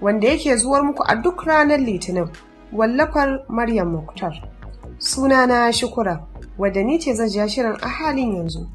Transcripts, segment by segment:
wanda yake zuwar muku a duk ranar litinin wallafar Maryam Muktar. na Shukura, wadda ni ce zan shirin a halin yanzu.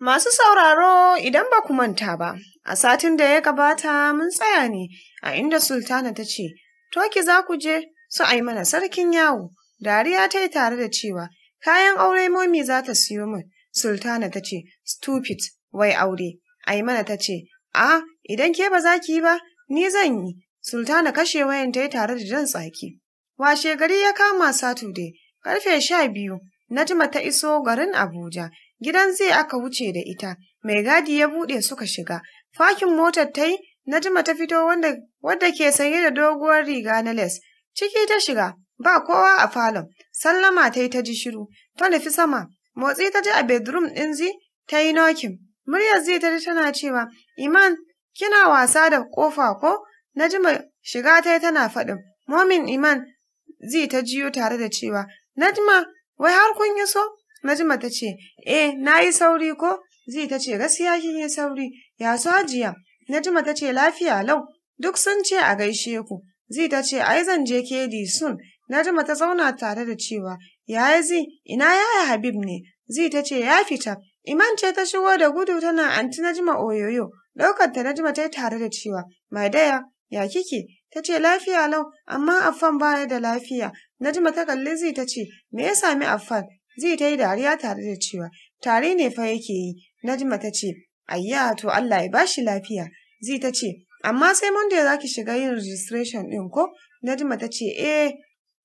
Masu sauraro idan ba ku manta ba, a satin da ya gabata mun tsaya ne a inda Sultana ta ce, Toki za ku je, su ai mana sarkin yawo. Dariya ta yi tare da cewa, kayan aure momi za ta siyo min. Sultana ta ce, stupid, wai aure. Aimana ta ce, a, idan ke ba za ki yi ba, ni zan yi. Sultana kashe wayan ta yi tare da jan tsaki. Washe gari ya kama Satu dai, karfe sha biyu, jima ta iso garin Abuja. Gidan zai aka wuce da ita, mai gadi ya buɗe suka shiga. Fakin motar ta yi, jima ta fito wanda, ke sanye da doguwar riga na les, Ciki ta shiga, ba kowa a falon, sallama ta yi ta ji shiru, ta nufi sama, motsi ta ji a bedroom ɗin zi ta yi nokin. Muryar zi ta ji tana cewa, Iman, kina wasa da kofa? ko? Na ji shiga ta yi tana faɗin, momin Iman zi ta jiyo tare da cewa, Najma, wai har kun yi so? Najma ta ce, eh, na yi sauri ko? Zai ta ce, gaskiya kin yi sauri, ya so hajiya. Najma ta ce, lafiya lau, duk sun ce a gaishe ku. Zai ta ce, ai zan je kedi sun, Najma ta zauna tare da cewa, yaya zi, ina yaya Habib ne? Zai ta ce, ya fita. Iman ce ta shigo da gudu tana anti Najma oyoyo, ɗaukar ta Najma ta tare da cewa, madaya, ya kike? Ta ce, lafiya lau, amma Affan baya da lafiya. Najma ta kalli zai ta ce, me ya sami Affan? Zai ta yi dariya tare da cewa, tare ne fa yake yi. Najma ta ce, ayya to Allah ya bashi lafiya. Zai ta ce, amma sai Monday za ki shiga yin registration ɗin ko? Najma ta ce, eh,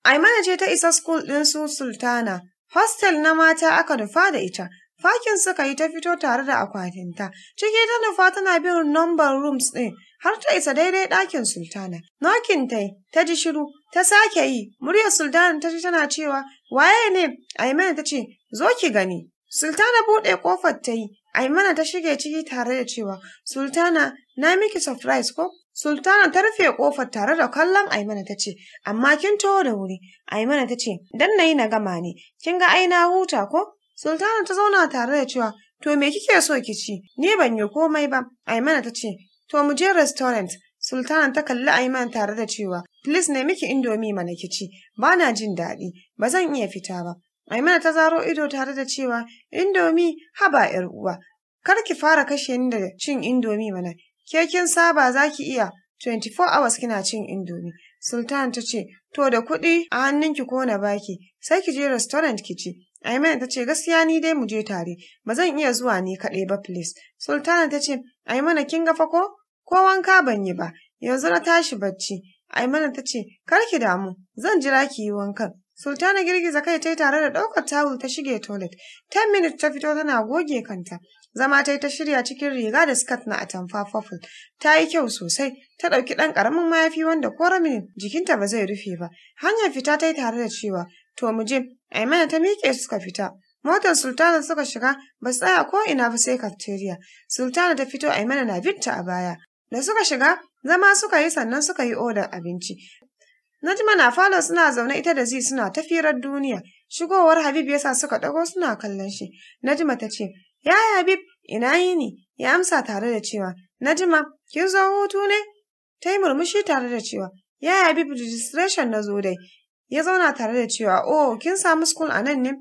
Aimana ce ta isa school ɗin su Sultana, hostel na mata aka nufa da ita, fakin suka yi ta fito tare da akwatinta, ciki ta nufa tana bin number rooms ɗin har ta isa daidai ɗakin Sultana. Nokin ta ta ji shiru, ta sake yi, muryar Sultana ta ji tana cewa, waye ne? Aimana ta ce, zo ki gani. Sultana buɗe kofar ta yi, Aimana ta shige ciki tare da cewa, Sultana, na miki surprise ko? Sultana ta rufe kofar tare da kallon Aimana ta ce, Amma kin taho da wuri. Aimana ta ce, Dan na yi na gama ne, kin ga aina huta ko? Sultana ta zauna tare da cewa, To me kike so ki ci? Ni ban yi komai ba. Aimana ta ce, To mu je restaurant. Sultana ta kalli Aiman tare da cewa, Please na miki indomi mana ki ci, ba na jin daɗi, ba zan iya fita ba. mana ta zaro ido tare da cewa, Indomi haba ‘yar uwa, kar ki fara kashe ni da cin Indomi mana, ke kin saba za ki iya 24 hours kina cin Indomi. Sultan ta ce, To da kuɗi a hannunki ko na baki, sai ki je restaurant ki ci. Aimana ta ce, Gaskiya ni dai mu je tare, ba zan iya zuwa ne kaɗai ba please. Sultana ta ce, Aimana kin gafa ko? Ko wanka ban yi ba, yanzu na tashi bacci. Aimana ta ce, Kar ki damu, zan jira ki yi wankan. Sultana girgiza kai ta yi tare da ɗaukar tawul ta shige toilet. Ten minutes ta fito tana goge kanta. Zama ta yi ta shirya cikin riga da skirt na atamfa purple. Ta yi kyau sosai. Ta ɗauki ɗan ƙaramin mayafi wanda ko ramin jikinta ba zai rufe ba. Hanyar fita ta yi tare da cewa to mu je. Aimana ta miƙe suka fita. Motar Sultana suka shiga ba su tsaya ko ina ba sai kafteriya Sultana ta fito Aimana na bitta a baya. Da suka shiga, zama suka yi sannan suka yi odar abinci. Najma na falo suna zaune ita da zi suna ta firar duniya. Shigowar Habib yasa suka ɗago suna kallon shi. Najma ta ce, Ya Habib, ina yini? Ya amsa tare da cewa, Najma, kin zo hutu ne? Ta yi murmushi tare da cewa, Ya Habib registration na zo dai. Ya zauna tare da cewa, Oh, kin samu school a nan ne?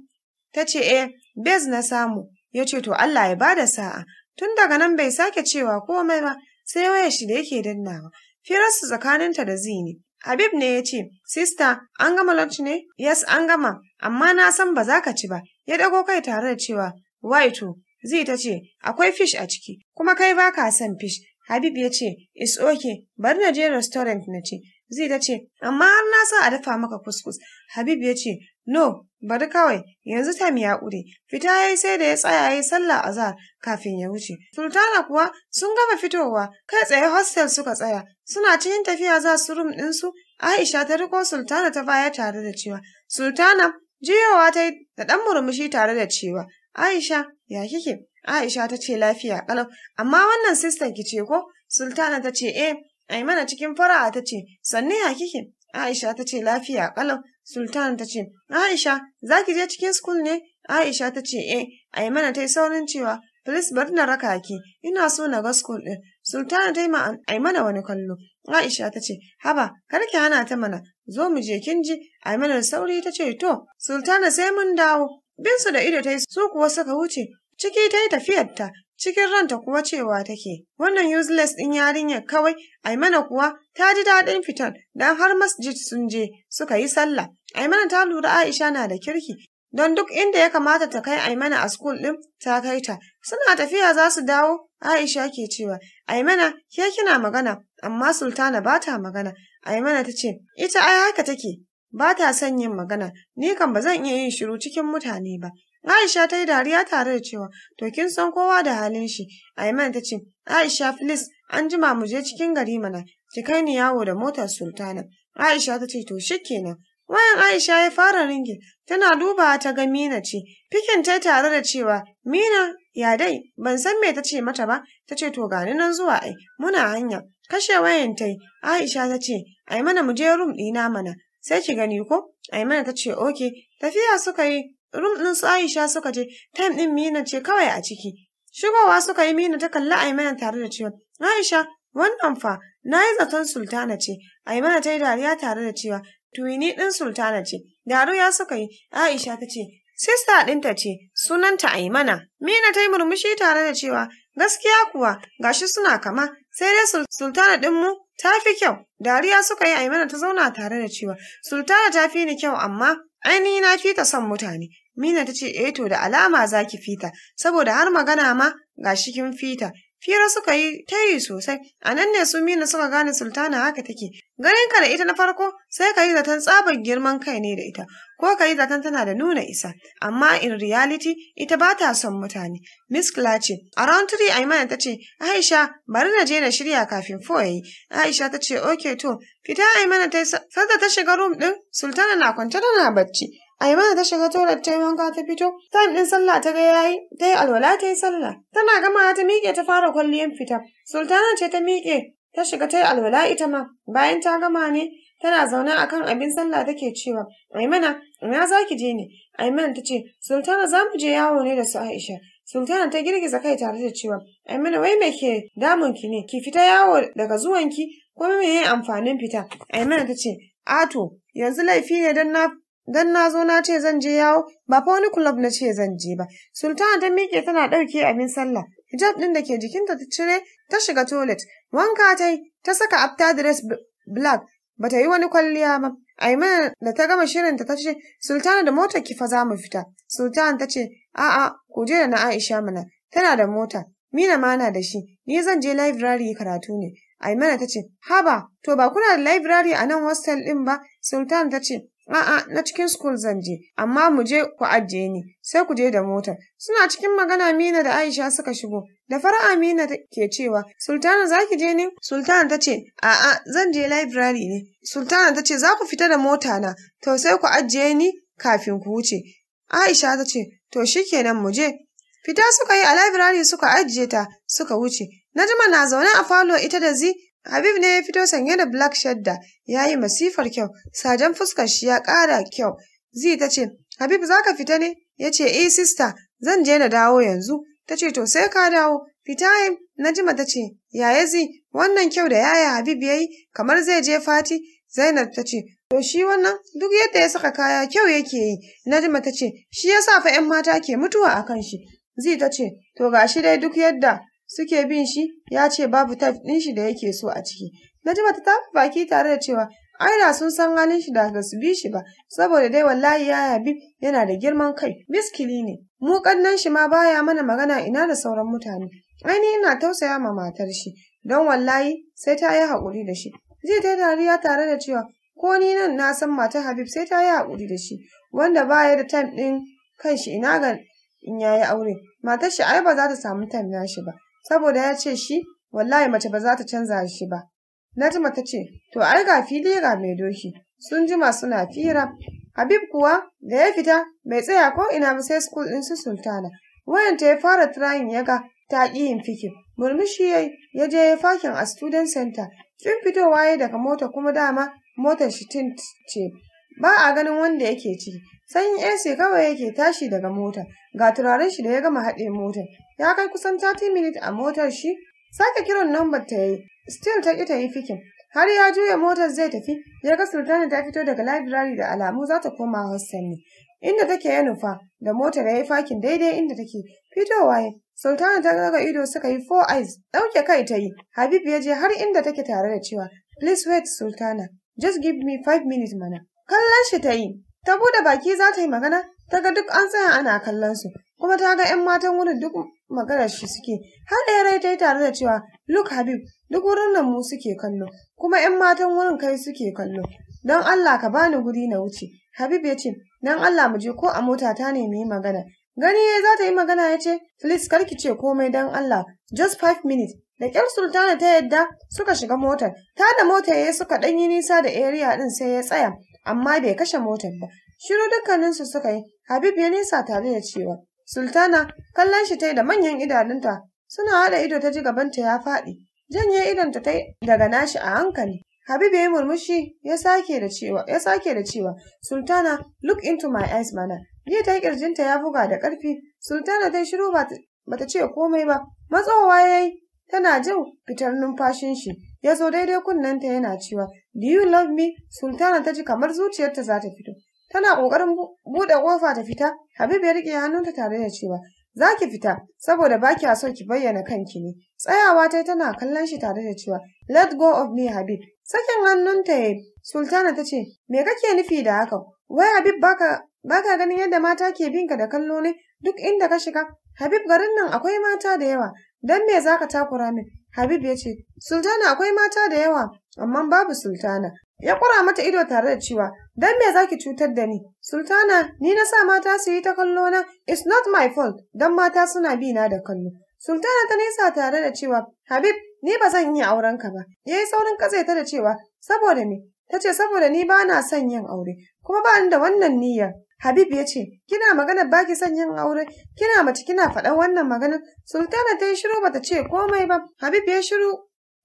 Ta ce, Eh, bez na samu. Ya ce, To Allah ya bada sa'a. Tun daga nan bai sake cewa komai ba, sai wayar shi da yake dannawa. su tsakaninta da zi ne. Habib ne ya ce, Sista, an gama lunch ne? Yes, an gama, amma na san ba za ka ci ba. Ya dago kai tare da cewa, Waito, zai ta ce, akwai fish a ciki, kuma kai ba ka son fish. Habib ya ce, It's okay, bari na je restaurant na ce. Zai ta ce, amma har na sa a dafa maka kuskus. Habib ya ce, No, bari kawai, yanzu tam ya ƙure. Fita ya yi sai da ya tsaya ya yi sallah azhar kafin ya wuce. Sultana kuwa sun gama fitowa, kai tsaye hostel suka tsaya. Suna cikin tafiya za su rum ɗinsu, Aisha ta riko Sultana ta baya tare da cewa. Sultana, jiyowa ta yi da ɗan murmushi tare da cewa. Aisha, ya kike? Aisha ta ce lafiya ƙalau, amma wannan sistan ki ce ko? Sultana ta ce, eh, ai mana cikin fara'a ta ce, sannu ya kike? Aisha ta ce lafiya ƙalau, Sultan ta ce, Aisha, za ki je cikin skul ne? Aisha ta ce, eh, mana ta yi saurin cewa, Filis bar na raka ki, ina so na ga skul ɗin. Sultana ta yi ma mana wani kallo. Aisha ta ce, Haba, kar ki hana ta mana, zo mu je kin ji. A Aimana da sauri ta ce, To, Sultana sai mun dawo. Binsu da ido ta yi su kuwa suka wuce. Ciki ta yi tafiyarta, cikin ranta kuwa cewa take, wannan useless ɗin yarinyar kawai, Aimana kuwa ta ji daɗin fitar don har masjid sun je suka yi sallah. Aimana ta lura Aisha na da kirki, don duk inda ya kamata ta kai Aimana a school ɗin ta kai ta. Suna tafiya za su dawo, Aisha ke cewa, Aimana ke kina magana, amma Sultana ba ta magana. Aimana ta ce, ita ai haka take, ba ta son yin magana, ni kan ba zan iya yin shiru cikin mutane ba. Aisha ta yi dariya tare da cewa, to kin san kowa da halin shi. Aiman ta ce, Aisha filis" an jima mu je cikin gari mana, ki kai ni yawo da motar sultana. Aisha ta ce, to kenan. Wayan Aisha ya fara ringe, tana duba ta ga Mina ce, fikin ta tare da cewa, Mina, ya dai, ban san me ta ce mata ba, ta ce to gani nan zuwa ai, muna hanya. Kashe wayan ta Aisha ta ce, ai mana mu je rum ɗina mana, sai ki gani ko? Aimana ta ce, oke, tafiya suka yi rum ɗin su Aisha suka je, time ɗin Mina ce kawai a ciki. Shigowa suka yi Mina ta kalli Aimana tare da cewa, Aisha, wannan fa, na yi zaton sultana ce, Aimana ta yi dariya tare da cewa, tuwini ɗin sultana ce, dariya suka yi, Aisha ta ce, Sista ɗinta ce, sunanta Aimana. Mina ta yi murmushi tare da cewa, gaskiya kuwa, gashi suna kama, sai dai sultana ɗinmu ta fi kyau. Dariya suka yi Aimana ta zauna tare da cewa, sultana ta fi ni kyau amma Aini na fita son mutane. Mina ta ce, eto eh da alama za ki fita, saboda har magana ma ga shi kin fita, Fira suka yi ta yi sosai, a nan ne su mina suka gane sultana haka take. Ganin ka da ita na farko sai ka yi zaton tsabar girman kai ne da ita, ko ka yi zaton tana da nuna isa, amma in reality ita ba ta son mutane. Miss ce, a round three Aimana ta ce, Aisha bari na je na shirya kafin fo yi Aisha ta ce, ok to, fita Aimana ta yi sadda ta shiga room ɗin sultana na kwance tana bacci. Aimana ta shiga tolar ta wanka ta fito, ta ɗin sallah ta ga yayi, ta yi alwala ta yi sallah. Tana gama ta miƙe ta fara kwalliyan fita. Sultana ce ta miƙe, ta shiga ta yi alwala ita ma. Bayan ta gama ne, tana zaune a kan abin sallah take cewa, Aimana, ina za ki je ne? Aimana ta ce, Sultana za mu je yawo ne da su Aisha. Sultana ta girgiza kai tare da cewa, Aimana wai me ke ki ne? Ki fita yawo daga zuwanki, kuma me amfanin fita? Aimana ta ce, Ato, yanzu laifi ne don na Dan na zo na ce zan je yawo, ba fa wani kulob na ce zan je ba. Sultana ta miƙe tana ɗauke abin sallah. Hijab ɗin da ke jikinta ta cire, ta shiga toilet. Wanka ta yi, ta saka after dress black. ta yi wani kwalliya ba. Aimana da ta gama shirinta ta ce, Sultana da motar kifa, za mu fita. Sultana ta ce, A'a, ku je da na Aisha mana, tana da mota. Mina mana da shi, ni zan je library karatu ne. Aimana ta ce, Haba, to ba kuna da library a nan hostel ɗin ba? Sultana ta ce, A'a, na cikin school zan je, amma mu je ku ajiye ni, sai ku je da motar. Suna cikin magana Mina da Aisha suka shigo. Da fara Amina ke cewa, Sultana za ki je ne? Sultana ta ce, A'a, zan je library ne. Sultana ta ce, za ku fita da mota na, to sai ku ajiye ni kafin ku wuce. Aisha ta ce, to shi kenan mu je. Fita suka yi a library suka ajiye ta suka wuce. Najma na zaune a falo ita da zi Habib ne ya fito sanye da black shadda ya yi masifar kyau, sajan fuskar shi ya kara kyau. Zi ta ce, Habib za ka fita ne? Ya ce, eh sista, zan je na dawo yanzu. Ta ce, to sai ka dawo. Fita Najima ta ce, yaya zi, wannan kyau da yaya Habib ya yi, kamar zai je fati. Zainab ta ce, to shi wannan duk yadda ya saka kaya kyau yake yi. Najima ta ce, shi ya sa fa ‘yan mata ke mutuwa a kan shi. Zi ta ce, to gashi dai duk yadda suke bin shi ya ce babu taf ɗin shi da yake so a ciki. Na ji ta tafi baki tare da cewa aina sun san halin shi da ba su bi shi ba saboda dai wallahi ya yabi yana da girman kai miskili ne mu kannan shi ma baya mana magana ina da sauran mutane aini ina tausaya ma matar shi don wallahi sai ta yi haƙuri da shi zai ta dariya tare da cewa ko ni nan na san matar habib sai ta yi haƙuri da shi wanda baya da time ɗin shi ina ga in yayi aure matar shi ai ba za ta samu time nashi ba saboda ya ce shi wallahi mace ba za ta canza shi ba. Najma ta ce, To ai ga fili ga mai doki, sun jima suna fira. Habib kuwa da ya fita bai tsaya ko ina ba sai school din su sultana. wayan ta ya fara trying ya ga ta yin fikin. Murmushi ya ya je ya fakin a student center. Tun fitowa ya daga mota kuma dama motar shi tint ce. Ba a ganin wanda yake ciki. Sanyin AC kawai yake tashi daga mota. Ga turaren shi da ya gama haɗe motar. ya kai kusan 30 minutes a motar shi sake kiran lambar ta yi still ta ita yi fikin har ya juya motar zai tafi ya ga sultana ta fito daga library da alamu za ta koma hostel ne inda take ya nufa da motar ya yi fakin daidai inda take fitowa ya sultana ta ga ido suka yi four eyes ɗauke kai ta yi habib ya je har inda take tare da cewa please wait sultana just give me five minutes mana kallon shi ta yi ta bude baki za ta yi magana ta ga duk an tsaya ana kallon su kuma ta ga 'yan matan wurin duk maganar shi suke har ɗaya rai ta yi tare da cewa luk habib duk wurin nan mu suke kallo kuma 'yan matan wurin kai suke kallo don allah ka bani guri na wuce habib ya ce don allah mu je ko a mota ta ne mu yi magana gani ya za ta yi magana ya ce please ki ce komai don allah just five minutes da kyar sultana ta yadda suka shiga motar ta da motar ya suka ɗanyi nisa da area ɗin sai ya tsaya amma bai kashe motar ba Shiru dukkaninsu suka yi, Habib ya nesa tare da cewa, Sultana kallon shi ta yi da manyan idanunta suna haɗa ido ta ji gabanta ya faɗi. Janye idonta ta daga nashi a hankali. Habib ya yi murmushi ya sake da cewa, ya sake da cewa, Sultana look into my eyes mana. Jiya ta yi ta ya buga da ƙarfi. Sultana ta shiru ba ta ce komai ba. Matsowa ya yi tana jin fitar numfashin shi. Ya zo daidai kunnenta yana cewa, Do you love me? Sultana ta ji kamar zuciyarta za ta fito. Tana ƙoƙarin buɗe ƙofa ta fita, Habib ya rike hannunta tare da cewa, Za ki fita, saboda ba kya so ki bayyana kanki ne. Tsayawa ta tana kallon shi tare da cewa, Let go of me, Habib. Sakin hannunta ya Sultana ta ce, Me kake nufi da haka? Wai Habib baka baka ganin yadda mata ke binka da kallo ne duk inda ka shiga? Habib garin nan akwai mata da yawa, don me zaka takura min? Habib ya ce, Sultana akwai mata da yawa, amma babu Sultana. Ya kura mata ido tare da cewa, Dan me zaki cutar da ni? Sultana, ni na sa mata su yi ta kallo na. It's not my fault. Dan mata suna bi na da kallo. Sultana ta nesa tare da cewa, Habib, ni ba zan yi aurenka ba. Ya yi saurin ta da cewa, saboda me? Ta ce, saboda ni ba na son yin aure, kuma ba ni da wannan niyyar. Habib ya ce, kina magana ba ki son yin aure, kina mace kina faɗan wannan magana. Sultana ta yi shiru ba ta ce komai ba. Habib ya shiru,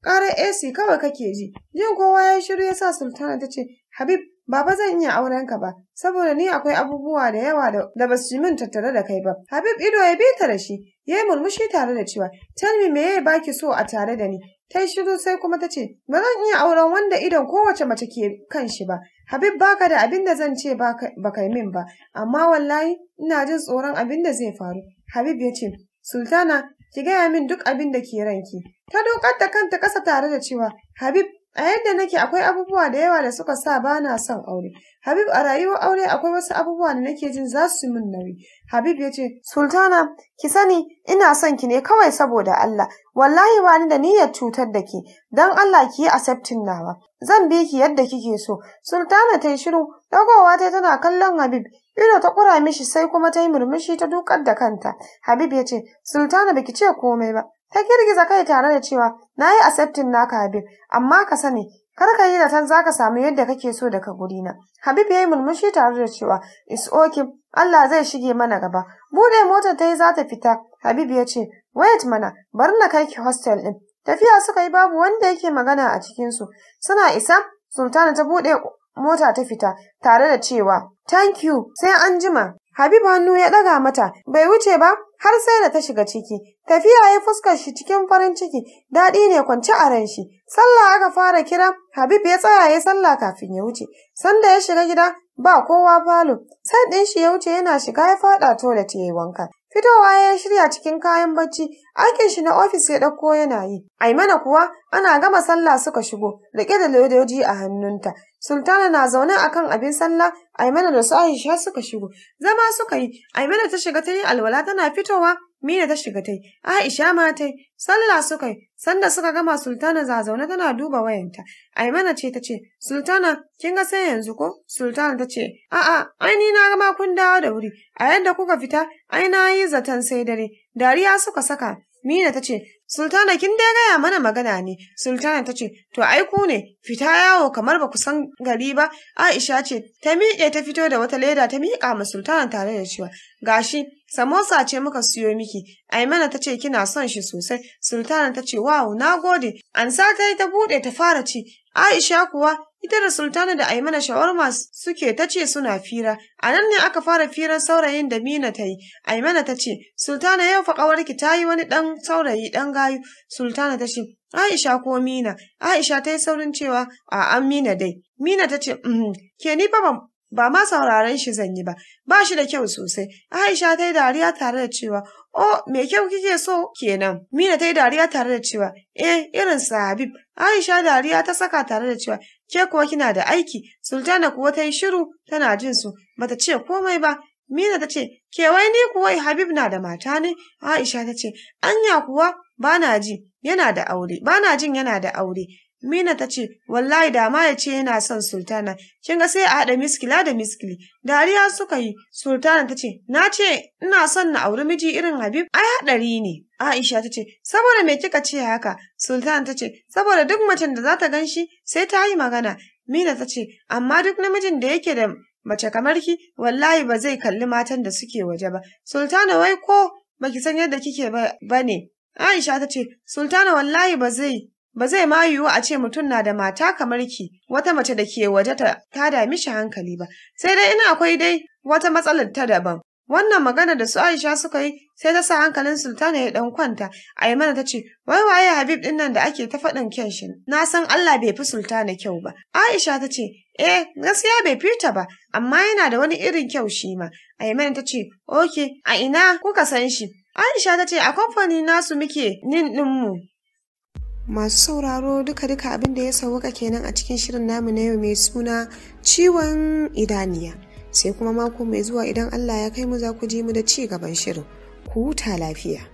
ƙarar AC kawai kake ji. Jin kowa ya shiru ya sa Sultana ta ce, Habib, Baba zan iya auren ka ba, saboda ni akwai abubuwa da yawa da ba su yi min tattare da kai ba. Habib ido ya bi ta da shi, ya yi murmushi tare da cewa, tell me me ya baki so a tare da ni. Ta yi shiru sai kuma ta ce, ba zan iya auren wanda idon kowace mace ke kan shi ba. Habib baka da abin da zan ce ba kai min ba, amma wallahi ina jin tsoron abin da zai faru. Habib ya ce, Sultana, ki gaya min duk abin da ke ranki. Ta dokar da kanta ƙasa tare da cewa, Habib, A yadda nake akwai abubuwa da yawa da suka sa ba na son aure. Habib a rayuwar aure akwai wasu abubuwa da nake jin za su min nauyi. Habib ya ce, Sultana, ki sani ina son ki ne kawai saboda Allah. Wallahi ba ni da niyyar cutar da ke, don Allah ki yi accepting nawa. Zan bi ki yadda kike so. Sultana ta yi shiru, dagowa ta tana kallon Habib. Ido ta kura mishi sai kuma ta yi murmushi ta dukar da kanta. Habib ya ce, Sultana baki ce komai ba. Ta girgiza kai tare da cewa na yi aseptin naka Habib, amma ka sani kar ka yi zaton za ka samu yadda kake so daga gurina. Habib ya yi murmushi tare da cewa is okay Allah zai shige mana gaba. Bude motar ta yi za ta fita. Habib ya ce wait mana bar na kai ki hostel ɗin.' Tafiya suka yi babu wanda yake magana a cikinsu. Suna isa Sultana ta bude mota ta fita tare da cewa thank you sai an jima. Habib hannu ya ɗaga mata bai wuce ba har sai da ta shiga ciki. Tafiya ya fuskar shi cikin farin ciki, daɗi ne kwance a ran shi. Sallah aka fara kira, Habib ya tsaya ya sallah kafin ya wuce. Sanda ya shiga gida, ba kowa falo. Sai ɗin shi ya wuce yana shiga ya faɗa tola ta yi wanka. Fitowa ya shirya cikin kayan bacci, aikin shi na ofis ya ɗauko yana yi. Aimana kuwa ana gama sallah suka shigo, riƙe da ledoji a hannunta. Sultana na zaune a kan abin sallah, Aimana da su Aisha suka shigo. Zama suka yi, Aimana ta shiga ta yi alwala tana fitowa, Mina ta shiga tai, Aisha ma tai, sallah suka yi, sanda suka gama Sultana za zazaune tana duba wayanta. Aimana ce ta ce, Sultana, kin ga sai yanzu ko? Sultana ta ce, A'a, ai ni na gama kun dawo da wuri, a yadda kuka fita, ai na yi zaton sai dare. Dariya suka saka, Mina ta ce, Sultana kin dai gaya mana magana ne. Sultana ta ce, To aiku ne, fita yawo kamar ba ku san gari ba. Aisha ce, ta miƙe ta fito da wata leda ta miƙa ma Sultana tare da cewa, Gashi, samosa ce muka siyo miki. Aimana ta ce kina son shi sosai. Sultana ta ce, Wow, na gode. Ansa ta yi ta buɗe ta fara ci. Aisha kuwa ita da Sultana da Aimana shawarma suke ta ce suna fira. A nan ne aka fara firar saurayin da Mina ta yi. Aimana ta ce, Sultana yau fa ƙawarki ta yi wani ɗan saurayi ɗan gayu. Sultana ta ce, Aisha ko Mina? Aisha ta yi saurin cewa, a an Mina dai. Mina ta ce, uhm, ke ni ba ma sauraron shi zan yi ba ba shi da kyau sosai aisha ta yi dariya tare da cewa o oh, me kyau kike so kenan mina ta yi dariya tare da cewa eh irin sa habib aisha dariya ta saka tare da cewa ke kuwa kina da aiki sultana kuwa ta yi shiru tana jin su bata ce komai ba mina ta ce ke wai ni kuwa habib na da mata ne aisha ta ce anya kuwa bana ji yana da aure bana jin yana da aure Mina ta ce, wallahi da ma ya ce yana son sultana, kin ga sai a haɗa miskila da miskili. Dariya suka yi, sultana ta ce, na ce ina son na auri miji irin Habib, ai haɗari ne. Aisha ta ce, saboda me kika ce haka? Sultana ta ce, saboda duk macen da za ta gan shi sai ta yi magana. Mina ta ce, amma duk namijin da yake da mace kamar ki, wallahi ba zai kalli matan da suke waje ba. Sultana wai ko baki san yadda kike ba ne. Aisha ta ce, Sultana wallahi ba zai Ba zai ma yiwu a ce mutum na da mata kamar ki, wata mace da ke waje ta tada mishi hankali ba, sai dai ina akwai dai wata matsalar ta daban. Wannan magana da su Aisha suka yi sai ta sa hankalin Sultana ya dan kwanta. Aimana ta ce, "Wai waye Habib din nan da ake ta faɗin kyan shi? Na san Allah bai fi Sultana kyau ba." Aisha ta ce, "Eh, gaskiya bai fita ba, amma yana da wani irin kyau shi ma." Aimana ta ce, "Oke, a ina kuka san shi?" Aisha ta ce, "A kamfani nasu muke nin mu masu sauraro duka-duka abin da ya sauwaka kenan a cikin shirin namu na yau mai suna ciwon idaniya sai kuma mako mai zuwa idan allah ya kai mu za ku ji mu da ci gaban shirin ku huta lafiya